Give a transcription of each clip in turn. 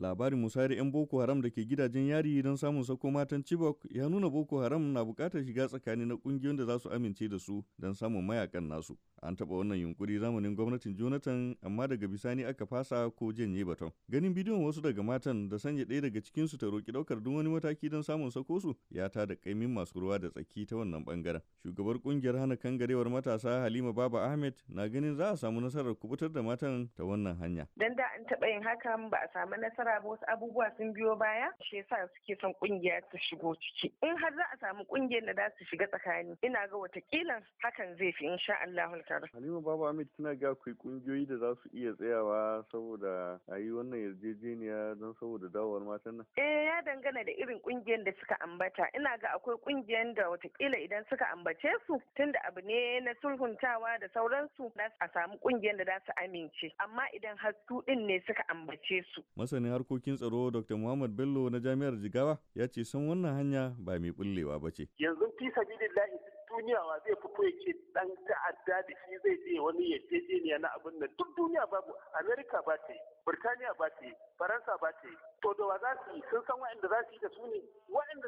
labarin musayar 'yan boko haram da ke gidajen yari don samun sako matan chibok ya nuna boko haram na bukatar shiga tsakani na kungiyoyin da za su amince da su don samun mayakan nasu an taba wannan yunkuri zamanin gwamnatin jonathan amma daga bisani aka fasa ko janye baton ganin bidiyon wasu daga matan da sanya ɗaya daga cikinsu ta roƙi ɗaukar duk wani mataki don samun sako su ya ta da ƙaimin masu ruwa da tsaki ta wannan ɓangaren shugabar ƙungiyar hana kangarewar matasa halima baba ahmed na ganin za a samu nasarar kubutar da matan ta wannan hanya dan da an taɓa yin hakan ba a samu nasara nasara ba wasu abubuwa sun biyo baya shi yasa suke son kungiya ta shigo ciki in har za a samu kungiyar da za su shiga tsakani ina ga watakila hakan zai fi insha Allah Halima Baba Ahmed tana ga akwai kungiyoyi da za su iya tsayawa saboda a yi wannan yarjejeniya don saboda dawowar matan nan. Eh ya dangana da irin kungiyar da suka ambata ina ga akwai kungiyar da watakila idan suka ambace su tunda abu ne na sulhuntawa da sauransu a samu kungiyar da za su amince amma idan har su din ne suka ambace su. Masanin harkokin tsaro Dr. Muhammad Bello na Jami'ar Jigawa ya ce sun wannan hanya ba mai bullewa ba ce. Yanzu fi sabilillahi duniya wa zai fito ya ce dan ta'adda da shi zai je wani ya je na abin nan duk duniya babu Amerika ba ta yi, Birtaniya ba ta yi, Faransa ba ta yi. To da wa za su yi sun san waɗanda za su yi da su ne waɗanda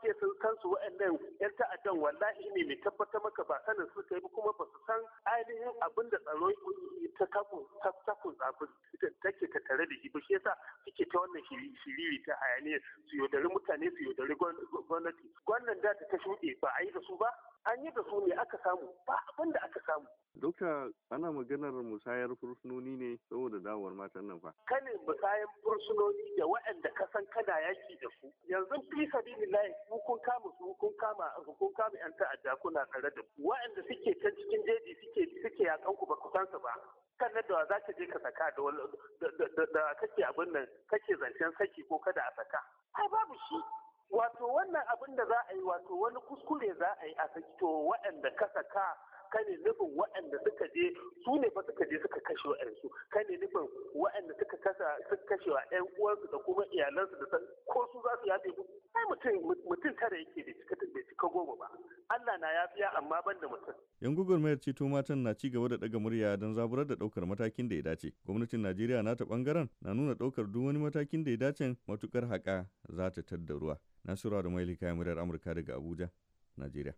suke sun san su waɗannan 'yan ta'addan wallahi ne mai tabbatar maka ba sanin suka yi kuma ba su san ainihin abin da tsaro ta takun tsakun take ta tare da shi ba shi yasa suke ta wannan shiriri ta hayaniyar su yaudari mutane su yaudari gwamnati gwamnan da ta shuɗe ba a yi da su ba an yi da su ne aka samu ba abin da aka samu. Dokta ana maganar musayar fursunoni ne da dawowar matan nan fa kane kayan fursunoni da waɗanda ka san kana yaki da su yanzu fi sabilillahi layi kun kama su kun kama kun kama yan ta'adda kuna tare da ku waɗanda suke can cikin jeji suke suke yakan ku ba ku san su ba kan nan da za ka je ka saka da da kake abin nan kake zancen saki ko kada a saka ai babu shi wato wannan abin da za a yi wato wani kuskure za a yi a saki to waɗanda ka saka ka ne nufin waɗanda suka je su ne ba suka je suka kashe waɗansu waɗanda suka kasa suka kashe wa ƴan uwansu da kuma iyalansu da san ko su za su yafe musu ai mutum mutum tare yake da cika bai cika goma ba Allah na yafiya amma ban da mutum yan gugurmayar ceto matan na ci gaba da daga murya don zaburar da daukar matakin da ya dace gwamnatin Najeriya ta bangaren na nuna daukar duk wani matakin da ya dace matukar haka za ta tadda ruwa Nasura da Mailika Murar Amurka daga Abuja Najeriya